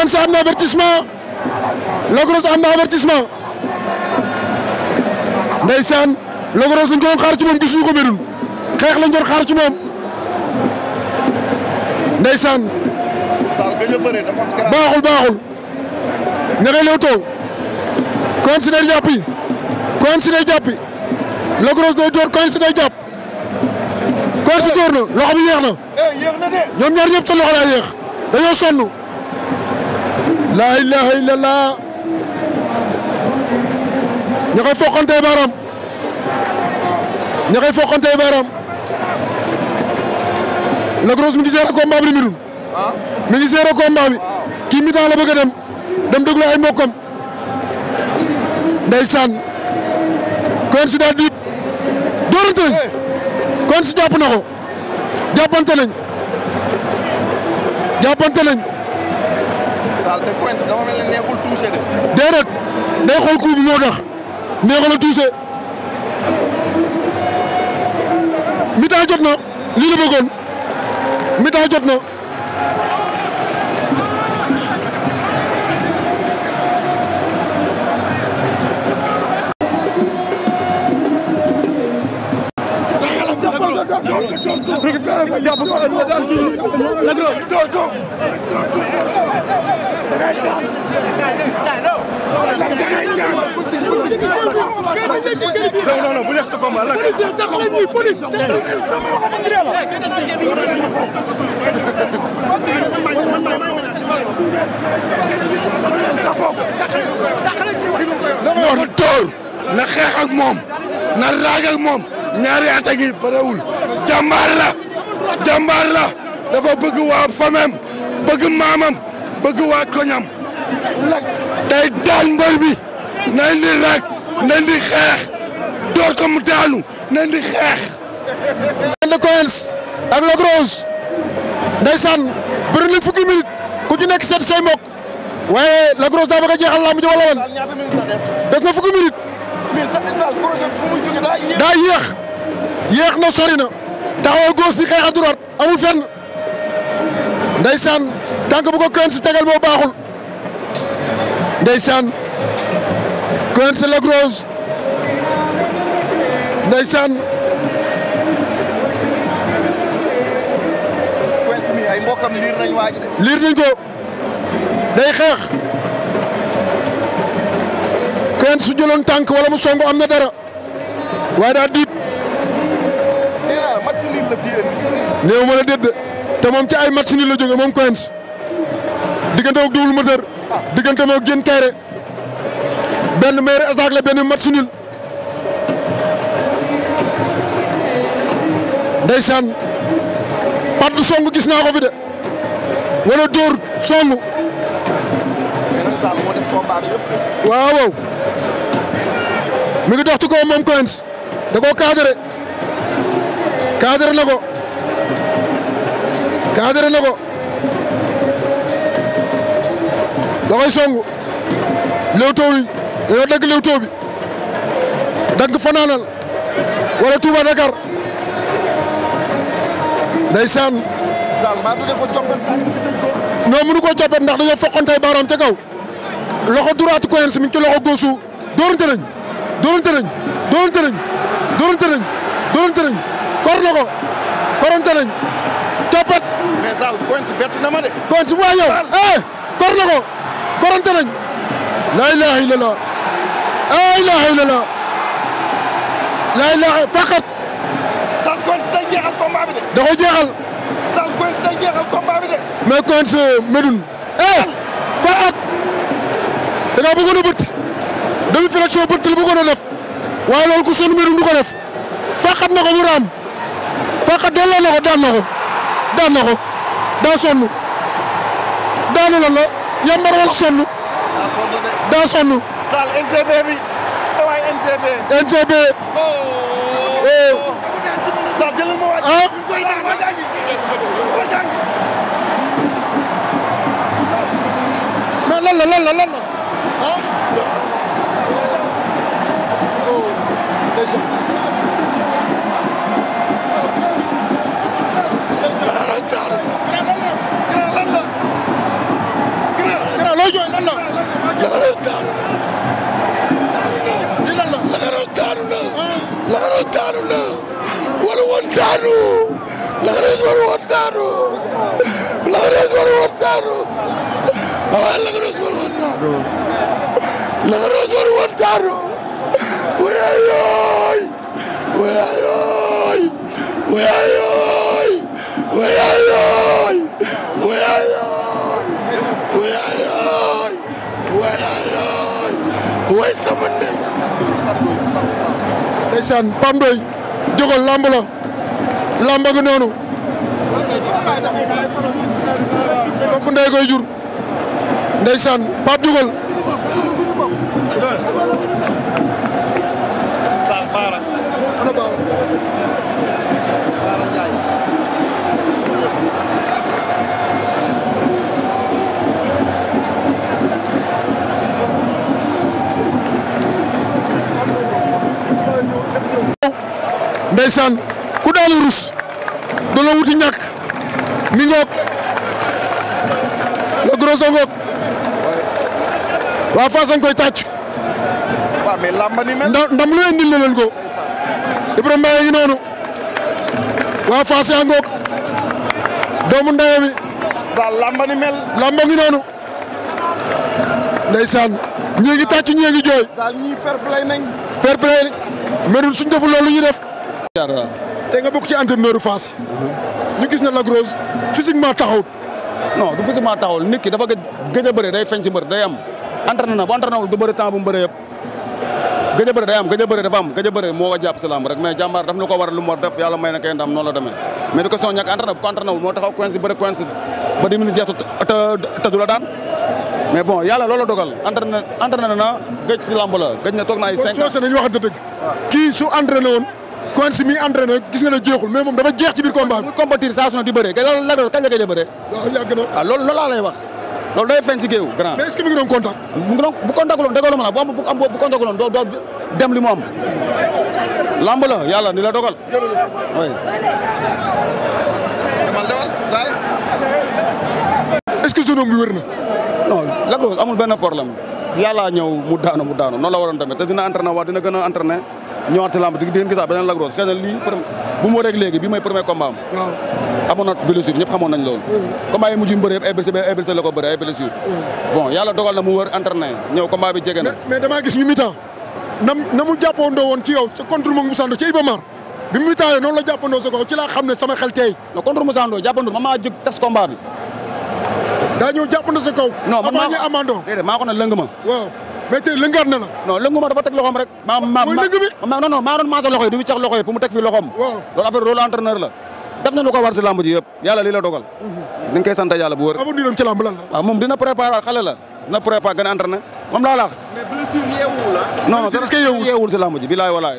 Ronse am na avertissement Lac Rose am na avertissement ndeysaan Lac Rose lañ ko doon xaar ci moom gisuñu ko Médoune xeex lañ doon xaar ci moom ndeysaan baaxul baaxul ña ngay lewtoo considère jàppi considère jàppi Lac Rose day door considère jàpp considère door na loxo bi yéex na eh, ñoom ñaar ñëpp sa loxo daa yéex dañoo sonn laa ilaaha illallah ña koy foqantee baaraam ña koy foqantee baaraam mi ngi seere combat bi ni mirun ah. mi ngi seere combat bi ah. kii mi temps dem dem déglu ay mbokkam ndeysaan kon si daal di dóorante eh. si jàpp na ko jàppante nañ laal te day xool coup bi moo tax neexul a touché mi-temps jot na lii la bëggoon mi jot na. na tóor na xeex moom na raag moom ñaari at a ngi barewul jàmbaar la jàmbaar la dafa bëgg waa famem bëgg maamam bëgg waa koñam lak day daan mbër bi nañ di raag nañ di xeex door ko mu daanu nañ di xeex. benn Coins na fukki minute ku ci nekk seet say mbokk waaye Lac Rose daa bëgg a jeexal laa mu jëm wala des na fukki minute. daa yéex na sori na taxaw di xeex à droite amul fenn ndeysaan tànk bu ko Coins tegal moo baaxul ndeysaan Coins Lac Rose ndeysaan ay mbokam liir nañ waaj de liir ko day xeex kenn su jëloon tànk wala mu songo am na dara waaye daa diit match nul la fii te moom ci ay match nul la jóge moom Quench diggante ak double moteur ah. diggante ak Diène Kairé benn meilleur attaque la benn match nul ndeysaan pàttu song gis naa ko de wala dóor song. waaw mi ngi dox ci kaw moom Coins da koo cadré cadré na ko cadré na ko da koy song léewtoo yi dañoo dagg léewtoo bi dagg fanaanal wala Touba Dakar. ndeysaan. maa ngi ko coppet. non mënu ko coppet ndax dañoo foqantay ca kaw. loxo droite Quench mi ngi ci loxo góosu dóorante nañ dóorante nañ dóorante nañ dóorante nañ dóorante kor na ko korante nañ coppet. ma de. Quench waa yow eh, kor na ko ilaha illallah la ilaha illallah la ilaha faqat. da koy jeexal. sànq Coins day jeexal combat bi de. mais Coins Médoune. eh fa ak da ngaa bëggoon a bëtt demi fraction bëtt la bëggoon a def waaye loolu ku sonn Médoune du ko def faqat na ko mu raam faqat delloo na ko daan na ko daan na ko daa yambar wala sonn. daa sonn ah. mais lan la lan la lan la ah. oh déjà. la daanu Lagros waru woon daanu Lagros waru woon daanu waaw Lagros waru woon daanu Lagros waru woon daanu wéyooy wéyooy wéyooy wéyooy wéyooy wéyooy wéy sama ndey ndeysaan Pape Ndoye jógal lamb la lamba gi noonu bokk ndey koy jur ndeysaan Pape dugal ndeysaan dañoo rus dañoo wuti ñàkk mi ngoog le gros a waa Fass añ koy tàcc. waaw mais lamba ni mel. ndam lu indil la leen ko Ibrahima Mbaye ngi noonu waa Fass yaa ngoog doomu ndaye lamba ni ngi noonu. ndeysaan ñii ngi tàcc ñii jooy. daal ñii fair play loolu ñu def. te nga bokk ci entraîneur Fass. ñu gis na Lac Rose physiquement taxawut. non du physiquement taxawul nit ki dafa gëj a bëre day feeñ ci am entraîné na bëree a bëre day am gëj a bëre dafa am gëj a moo jàpp si na ko war lu mu war def yàlla may na kay ndam noonu la demee bu ko entraîné bon yàlla loolu dogal entraîné entraîné na gëj si lamb la gëj na toog na ay cinq ans kii su entraîné woon kon si mi entraîné gis nga ne jeexul mais moom dafa jeex ci biir combat bi. muy compétir saa su di bëree gën a lagro ah, la laa lay wax. lool day feeñ si géew grand. mais est ce que mi ngi doon contact. bu contact loon dem li moom am. la yàlla ni la dogal. oui. demal demal Sall. est ce que zone bi wér na. non lagro amul benn problème yàlla ñëw mu daanu mu daanu noonu la waroon tamit te dina entraîné waa dina gën a ñëwaat si lamb di beneen Lac Rose xëy lii bu mu léegi bi mooy premier combat am na blessure ñëpp xamoon nañ loolu mm. combat yi mujj mbëri yëpp ay blessure ay blessure la ko bëri ay mm. dogal na mu wër entraîné ñëw combat bi jege na gis mu jàppandoo woon ci yow sa contre moom Moussa Ndo a Iba Mar bi mu mitaayoo la jàppandoo sa kaw ci laa xam ne sama xel teey non contre Moussa Ndo jàppandoo ma maa jóg tas combat bi daa ñëw jàppandoo sa kaw non man maa ko amandoo déedéet maa ko lëng ma mais tey lëngaat na la. non lëngu ma dafa teg loxoom rek. ma ma non maa doon maase loxo yi du cax mu teg fi loxoom. loolu affaire rôle entraîneur la. def na lu ko war si lamb ji yëpp dogal. ni mhm. nga koy bu wër. amul ah, dina préparer xale la dina préparer gën a entraîné moom laa la wax. mais blessure yeewul la. non non si lamb bilaay walaay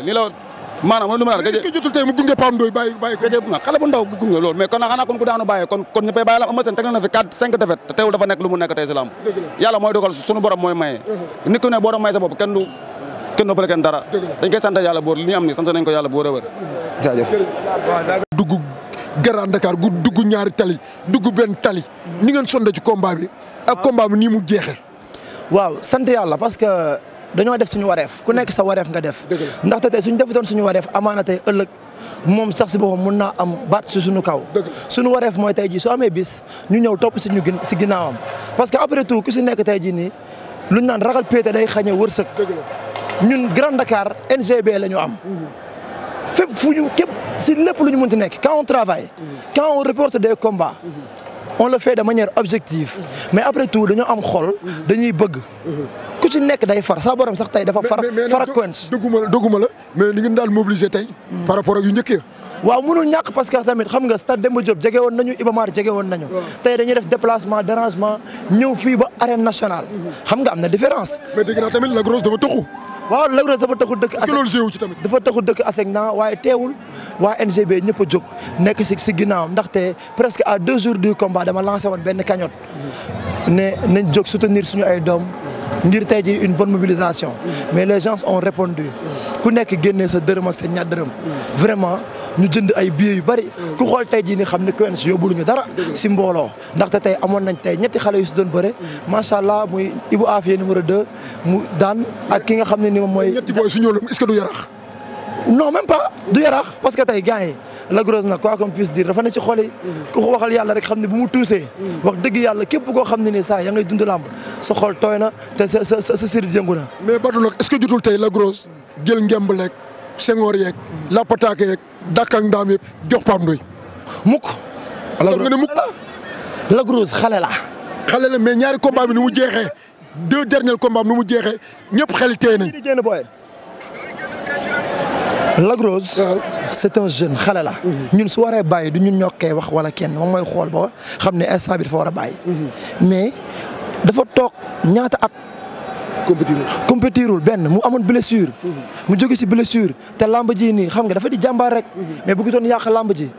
maanaam lu ma naan. est-ce que jotul tey mu gunge Pape Ndoye bàyyi bàyyi ko. gëjëf na xale bu ndaw gunge loolu mais kon na xanaa kon ku daanu bàyyee kon kon ñëppay bàyyi la mooy dogal sunu borom mooy maye nit ku ne boo doon sa bopp kenn du kenn kenn dara dañ koy sant yàlla boor li am ni sant nañ ko yàlla boor a dugg Grand Dakar gu dugg ñaari tali dugg benn tali ni ngeen sonde ci bi ak combat bi nii mu jeexee waaw sant yàlla parce que dañoo def suñu wareef ku nekk sa wareef nga def. ndaxte tey suñu defutoon suñu wareef amaana tey ëllëg moom sax si boppam mun naa am baat si suñu kaw. suñu wareef mooy tey jii soo amee bis ñu ñëw topp si ñu si ginnaawam parce que après tout ku si nekk tey jii nii luñ naan ragal péete day xañe wërsëg. ñun Grand Dakar NGB la am. Mhm. fépp fu ñu képp si lépp lu ñu mun munti nekk quand on travaille. Mhm. quand on reporte des combats. Mhm. on le fait de manière objective. mais après tout dañoo am xol. dañuy bëgg. ku ci nekk day far sa borom sax tey dafa far far ak Quench dëgguma la dëgguma la mais li ngeen daal mobiliser tey par rapport ak yu njëkk ya waaw mënul ñàkk parce que tamit xam nga stade Demba Diop jege woon nañu Iba Mar jege woon nañu tey dañuy def déplacement dérangement ñëw fii ba arène national xam nga am na différence mais dégg naa tamit la grosse dafa toxu waaw Lac Rose dafa taxul dëkk. est loolu ci tamit. dafa taxul dëkk ASECNA waaye teewul waa NGB ñëpp jog nekk si si ginnaawam ndaxte presque à deux jours du combat dama lancé woon benn cagnotte. ne nañ jóg soutenir suñu ay doom. ngir tey ji une bonne mobilisation mais les gens ont répondu ku nekk génnee sa dërëm ak sa ñaar dërëm vraiment ñu jënd ay billets yu bari ku xool tey jii ni xam ne Quench ñu dara si mbooloo ndaxte tey amoon nañ tey ñetti xale yu si doon bëre macha allah muy Ibou Afia numéro 2 mu daan ak ki nga xam ne ni moom mooy. ñetti booy su ñëw est-ce du yarax. non même pa du yaraax parce que tey gars yi Lac Rose nag quoi qu'on puisse dire dafa ne ci xol yi ku ko waxal yàlla rek xam ne bu mu tuusee wax dëgg yàlla képp koo xam ne nii saa ya ngay dund làmb sa xol tooy na te sa sa sa sir jëngu na mais Badou nag est-ce que jotul tey Lac Rose jël ngemb leeg sengoor yeeg lapataake yeeg dàkk ak ndaam yëpp jox Pape Ndoye mukk nga ne mukk Lac xale la xale la mais ñaari combat bi nu mu jeexee deux derniers combats bi nu mu jeexee ñëpp xel tey nañ Lac Rose c'est un jeune xale la mhm. ñun su waree bàyyi du ñun ñoo koy wax wala kenn moom mooy xool boo xam ne instant bi dafa war a bàyyi mhm. mais dafa toog ñaata at compétirul compétirul benn mu amoon blessure mhm. mu jóge ci blessure te lamba ji nii xam nga dafa di jàmbaar rek mais bu ko doon yàq lamb ji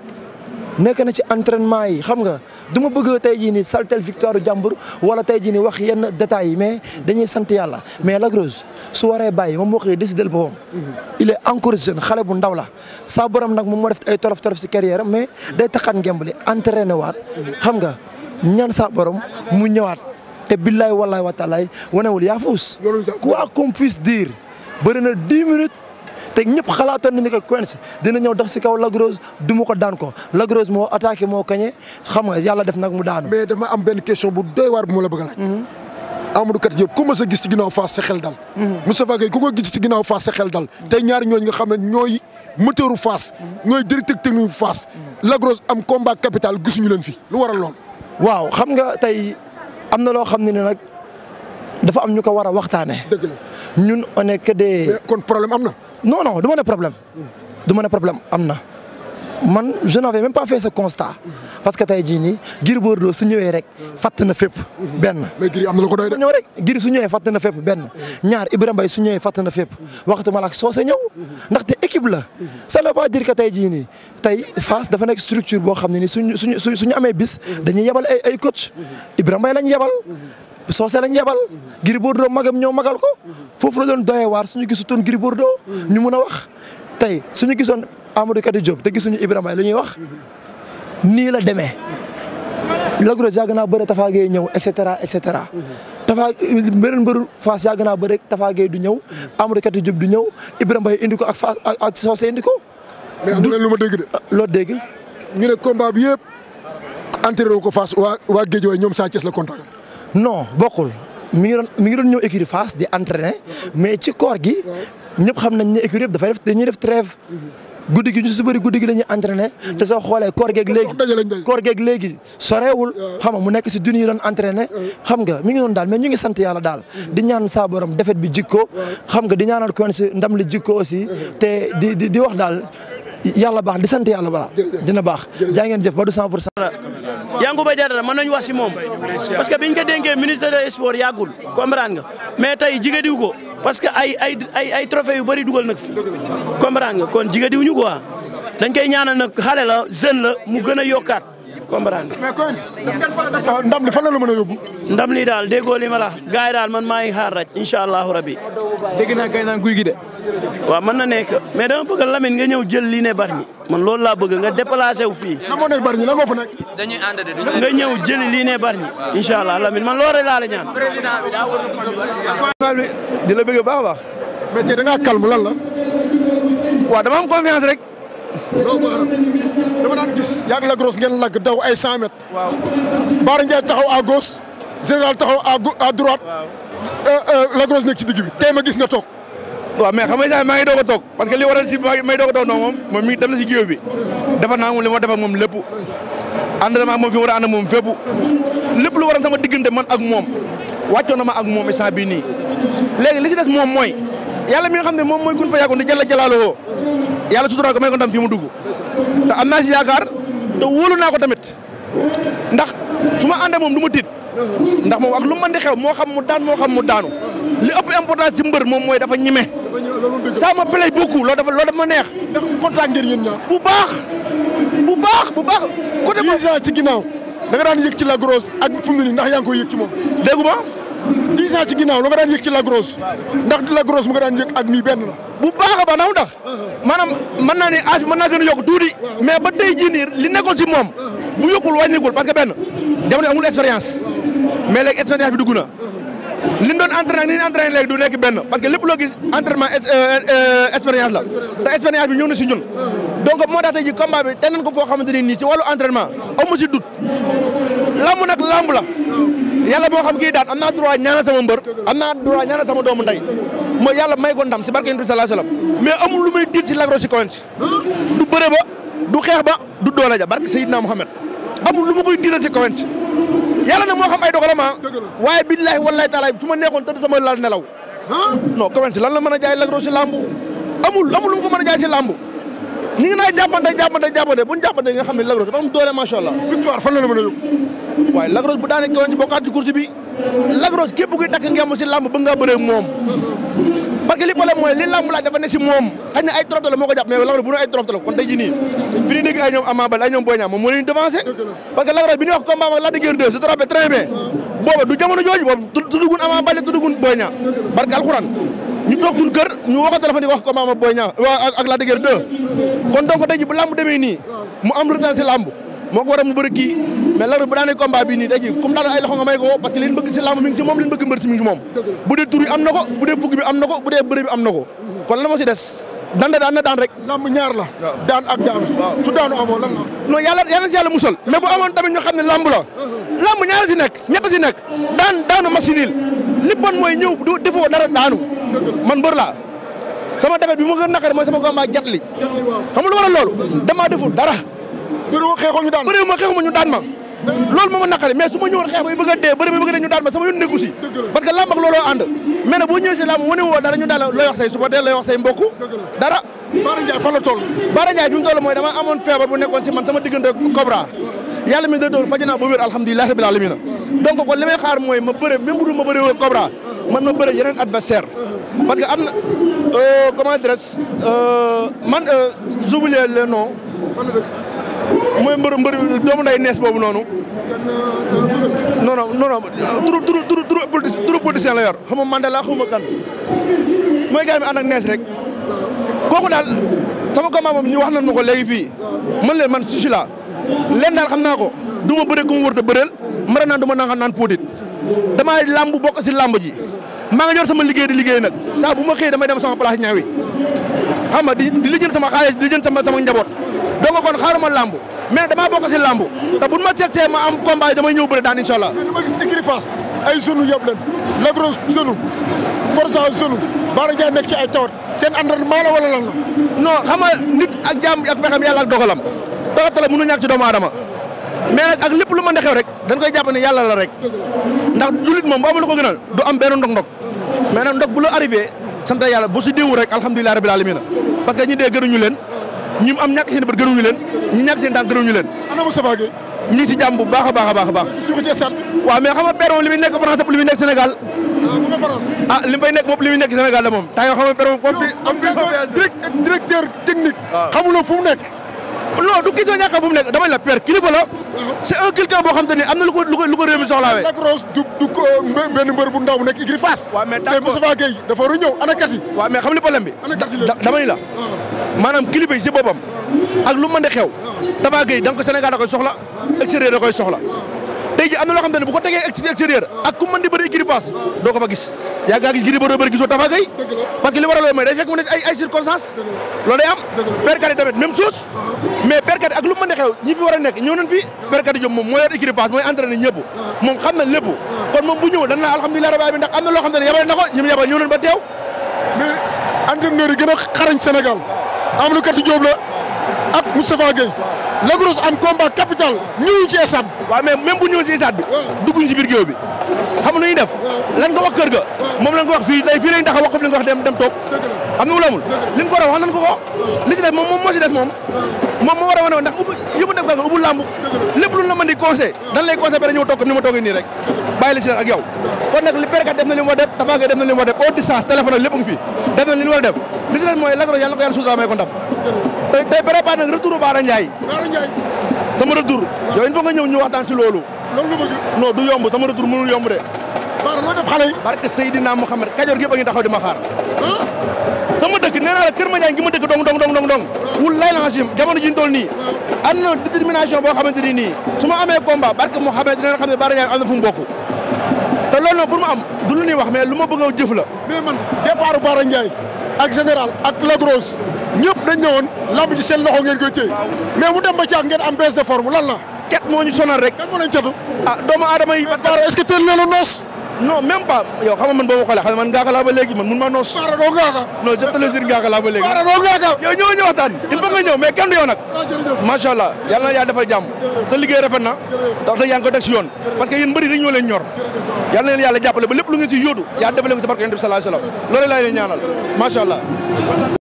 nekk na ci entraînement yi xam nga du bëgg tey jii nii saltel victoire jàmbur wala tey jii nii wax yenn détails yi mais dañuy sant yàlla mais Lac Rose su waree bàyyi ma wax dëgg décidé del il est encore jeune xale bu ndaw la saa borom nag moom moo def ay tolof tolof si carrière mais day taxaat ngemb li entraîné waat xam nga ñan saa borom mu ñëwaat te billaay wallaay wa taalaay wanewul yaa fuus. loolu quoi qu'on puisse dire bëri na dix minutes. te ñëpp xalaatoon nañu ko Quench dina ñëw dox si kaw Lac Rose du mu ko daan ko Lac Rose moo attaqué moo kañe xam nga yàlla def nag mu daanu. mais dama am benn question bu doy waar bu ma la a laaj. Mhm. Amadou Kat Diop ku ma sa gis ci ginnaaw Fass sa xel mhm. ko gis ci ginnaaw Fass sa xel dal. Mhm. tey ñaari ñooñu nga xam ne ñooy moteuru Fass. ñooy directeur am combat capital gisuñu leen fi lu waral lool. waaw xam nga tey am na loo xam ne nag dafa am ñu ko war a waxtaanee. dëgg la ñun on est que kon problème am na. non non du ma ne problème du ma ne problème am na man je n'avais même pas fait ce constat parce que tey jii nii Gris Bordeaux su ñëwee rek fàtt na fépp benn. mais Gris am na ko doy de. ñëw rek Gris su ñëwee fàtt na fep benn ñaar Ibrahima Mbaye su ñëwee fàtt na fépp waxatuma la ak Socé ñëw ndaxte équipe la ça ne veut pas dire que tey jii nii tey Fass dafa nekk structure boo xam ne nii suñu suñu suñu amee bis dañuy yebal ay ay coach Ibrahima Mbaye lañ yebal. soose lañ yebal Gris Bordeaux magam ñëw magal ko foofu la doon doyee waar suñu gisutoon Gris Bordeaux ñu mun a wax tey su ñu gisoon Amadou Kati Diop te gisuñu Ibrahima li ñuy wax nii la demee Lac Rose naa bëre Tafa ñëw et cetera et cetera Tafa beneen mbëru Fass yàgg naa bëre Tafa Gueye du ñëw Amadou Kati Diop du ñëw Ibrahima Mbaye indi ko ak Fass ak soose indi ko mais am ah, loo dégg ñu ne combat bi yëpp ko Fass waa waa Guédiawaye ñoom Sa Thiès la kontaan non bokkul mi ngi doon mi ngi doon ñëw écurie Fass di entraîner mais ci koor gi ñëpp xam nañ ne écurie yëpp dafay dañuy def trêve guddi gi ñu si bëri guddi gi la ñuy entraîner te soo xoolee koor geeg léegi koor geeg léegi soreewul xam nga mu nekk si dun yi doon entraîner xam nga mi ngi doon daal mais ñu ngi sant yàlla daal di ñaan saa borom defet bi jikko xam nga di ñaanal ko si ndam li jikko aussi te di di di wax daal yàlla baax di sant yàlla baax dina baax jaa jëf ba du 100 pour cent Yankhoba Diattara mën nañu moom parce que biñ ko dénkee ministre des sports yàggul comprendre nga mais tey jigadiw ko parce que ay ay ay ay yu bëri dugal nag fi comprendre nga kon jigadiw ñu quoi dañ koy ñaanal nag xale la jeune la mu gën a yokkaat comprendre mais ndam li fan la la mën a yóbbu. ndam li daal déggoo li ma la gars yi daal man maa ngi xaar rek incha allahu rabi. naan guy gi de. waaw man na nekk mais dama bëgg Lamine nga ñëw jël lii ne Bargny man lool laa bëgg nga déplacé wu fii. lan moo nekk Bargny lan moo fa nekk. dañuy ànd de du nga ñëw jëli lii ne Bargny. waaw incha allah Lamine man loolu rek laa la ñaan. a di la bëgg baax a baax. mais tey da ngaa la. waaw dama am rek. loolu moo waral gis yàgg la grosse ngeen lagg daw ay 100 mètres. waaw Baara Ndiaye taxaw à gauche général taxaw à gau à droite. waaw euh, euh, la grosse nekk ci digg bi tey ma gis nga toog. waaw mais xam nga sax maa ngi doog a toog parce que li waral si may doog a toog noonu moom moom mi dem na si géew bi. defar naa moom li ma defar moom lépp. ànd na ma ak moom fi war a ànd moom fépp. diggante man ak moom wàccoon na ma ak moom instant bii nii léegi li ci des moom mooy yàlla mi nga xam ne moom mooy kun fa yàggoon di jëla jëlaaloo yàlla sutura ko may ko ndam fii mu dugg te am naa si yaakaar te wóolu naa ko tamit ndax su ma àndee moom du ma tiit ndax moom ak lu ma di xew moo xam mu daan moo xam mu daanu li ëpp importance ci mbër moom mooy dafa ñime ma me plaît beaucoup loolu dafa loolu dafa ma neex ndax contact ngeen yéen ñaar bu baax bu baax bu baax côté ci ginnaaw da daan yëg ci la grosse ak fu nii ndax yaa ngi koy yëg ci moom déggu dix ans ci ginnaaw la ko daan yëg ci la grosse ndax di la grosse mu ko daan yëg ak mii benn bu baax a baax ndax mu tax maanaam mën naa ne âge mën naa gën a yokk tuuti mais ba tey jii nii li nekkoon ci moom bu yokkul wàññigul parce que benn jamono amul expérience mais léegi expérience bi dugg na li ñu doon entraîné ak ni ñu entraîné léegi nekk benn parce que lépp loo gis entraînement euh, euh, euh, expérience la te expérience bi ñëw na si ñun donc moo tax tey ji combat bi ko foo xamante ne ci wàllu entraînement si lamb nag lamb la yalla moo xam kii daan am naa droit ñaanal sama mbër am naa droit ñaanal sama doomu ndey ma yàlla may ko ndam ci barke Yonent bi sallallahu alayhi wasallam mais amul lu may diit ci Lac Rose Quench du bëre ba du xeex ba du doole ja barke Seydina Mohamed amul lu ma koy diital ci Quench yàlla na moo xam ay dogalam ah waaye billaahi wallaahi taalaay su ma neexoon tëdd sama lal nelaw non Quench lan la mën a jaay Lac Rose ci làmb amul amul lu ko mën a jaay ci làmb ñu ngi naan jàppante jàppante jàppante bu ñu jàppante nga xam ne Lac Rose dafa am doole macha allah. victoire fan la la mën a yóbbu. waaye Lac Rose bu daanee kawoon ci bokkaat ci course bi Lac Rose képp kuy takk ngemb ci làmb bëgg ngaa bëree moom. parce que li problème mooy li làmb laaj dafa ne si moom xëy na ay trop la moo ko jàpp mais Lac Rose bu ñu ay trop la kon tey jii nii fi ñu dégg ay ñoom Ama Baldé ay ñoom Boy Niang moom moo leen devancé parce que Lac Rose bi ñuy wax combat ak Lac de Guiers 2 je te rappelle très bien booba du jamono jooju boobu tuddugun Ama Baldé tuddugun Boy Niang barke alxuraan ñu toog suñu kër ñu waxoon téléphone yi wax ko maama Boy Niang ak ak Lac de kon donc tey ji bu làmb demee nii mu am retard si làmb moo ko waral mu bëri kii mais Lac bu daanee combat bii nii tey ji comme daanaka ay loxo nga may ko parce que li bëgg si làmb mi si moom li bëgg mbër si mi si moom bu dee tur am na ko bu dee fukki bi am na ko bu dee bëri am na ko kon lan si des daan daan na daan rek làmb ñaar la daan ak daan su daanu amoo lan la non yàlla yàlla si yàlla musal amoon tamit man mbër laa sama defet bi ma gën a naqari mooy sama combat jat li xam waral loolu damaa deful dara bëriwoo xeexoo ñu daan daan ma loolu moo naqari mais su ma ñëwoon xeex bay bëgg a dee bëri bay bëgg dee ñu daan ma sama yoon nekku parce que làmb ak looloo ànd boo ñëwee si làmb wane dara ñu daal looy wax say suba dee looy wax say mbokk dara Baara Ndiaye fan la mooy dama amoon feebar bu nekkoon si man sama diggante Cobra yàlla mi da doon faj man ma bëre yeneen adversaire parce que am na euh, comment dirais-je euh, man euh, j'oublie le nom mooy mbër mbër doomu nday nees boobu noonu non non non non turu turu turu turu politicien la yor xam nga Mandela xaw ma kan mooy gars bi nees rek kooku daal sama combat moom ñu wax nañ ma ko léegi fii man leen man susi la leen daal xam naa ko du ma bëre ku mu wër te bëreel mara naan du ma naan xam naan puudit damaa làmb bokk si làmb ji maa nga sama liggéey di liggéey nag saa bu ma xëyee damay dem sama place ñaawi xam nga di di lijjën sama xaalis di lijjën sama sama njaboot donc kon xaaruma làmb mais dama bokk si làmb te bu ma ma am combat damay ñëw bëri daan incha allah. mais dama gis écurie Fass ay jeunes yëpp leen Lac Rose jeune Forza jeune Bara Ndiaye nekk ci ay tawat seen entraînement la wala lan la. non xam nga nit ak jàmm ak pexam yàlla ak dogalam doxatala mënu ñàkk ci doomu aadama. mais nag ak lépp lu mën a xew rek dañ jàpp ne yàlla la rek ndax jullit moom bu amul lu gënal du am benn ndog-ndog mais nag ndog bu la arrivé sant yàlla bu si déwu rek alhamdulilah rabbil alamin parce que ñi dee gënuñu leen ñi am ñàkk seen bët gënuñu leen ñi ñàkk seen gënuñu leen. ana Moustapha Gueye bu baax a baax a baax a baax. waaw mais xam nga père moom li muy nekk France ak li muy nekk Sénégal. ah, ah li mu fay nekk moom li muy nekk Sénégal la moom. taa yoo xam ne père moom. am directeur technique. Ah. xamuloo fu mu nekk non du question ñàkk bu mu nekk damay la père kilifa la. c'est un quelqu'un boo xam te ne am na lu ko lu ko lu ko réew mi soxlaawee. Lac Rose du du ko benn mbër bu ndaw bu nekk Igri Fass. waaw mais dafa war a ñëw ana kat yi. xam nga problème bi. la la. maanaam kilifa si boppam. ak lu mën xew. Tapha Gueye da Sénégal da koy soxla. extérieur da soxla. tey ji am na loo xam te ne bu ko tegee extérieur ak ku mën di bëri doo ko fa gis. yàggaa gis Gris Bordeaux bëri gisoo Tapha Gueye parce que li waral loolu mooy day fekk mu ne ay ay circonstances loolu day am berkat yi tamit même chose ah ah. mais berkat yi ak lu mën a xew ñi fi war nekk ñëw nañ fi ah. berkat yi jom moom moo yor équipage mooy entraîné ñëpp moom xam na lépp kon moom bu ñëw dañ la alhamdulilah rabbi ndax am na loo xam ne yabale na ko ñi mu yabal ñëw nañ ba teew mais entraîneur yi gën a xarañ Sénégal Amadou Kati Diop la ak Moustapha Gueye Lagros am combat capital ñëw ci stade bu ñëw ci stade bi dugguñ ci bi xam nu ñuy def lañ ko wax kër ga moom lañ ko wax fii tey fii lañ taxaw wax ko fi lañ ko wax dem dem toog am na wulamul liñ ko war a nan ko ko li ci des moom moom moo ci des moom moom moo war ndax ubbi yëpp def gaga ubbu làmb la mën di conseil dan lay conseil ba dañoo ma toogee nii rek bàyyi la ci des ak yow kon nag li bérekat def na li mu war def tafaga def na li ak lépp ngi fi def na li ñu war def li ci des mooy lagro yàlla na ko yàlla sutura may ko ndam loolu nga bëgg. non du yomb sama retour mënul yomb de. Baara loo def xale yi. barke Seydina Mouhamed Kajoor gi ba ngi di ma xaar. sama dëkk nee naa la Kër Madiagne gi ma dëkk dong dong dong dong dong. wulaay la Hachim jamono ji ñu toll nii. am na boo xamante ni nii su ma amee combat barke Mouhamed dina xam ne Baara Ndiaye am na fu te loolu nag pour mu am du lu wax mais lu ma bëgg a jëf la. mais man départ Baara Ndiaye ak général ak la grosse ñëpp dañ ñëwoon lamb ji seen loxo ngeen koy téye ba ci ak ngeen am baisse de forme lan la. cat moo ñu sonal rek. ah doomu aadama yi. parce que ce que teel la noos. non même pas yow xam man boo ma xoolee man ngaaka laa man mun ma noos. baara doo le jure ngaaka laa ba léegi. baara doo ngaaka. yow ñëw ñu waxtaan kenn du yow nag. Ah, macha allah yàlla na yàlla defal jàmm. sa liggéey rafet na. ndax da yaa ko teg si yoon. parce que yéen mbëri dañu ñor. yàlla na leen yàlla jàppale ba lépp lu ngeen ci yóodu. yàlla defale ko ci barke Yonent bi sallallahu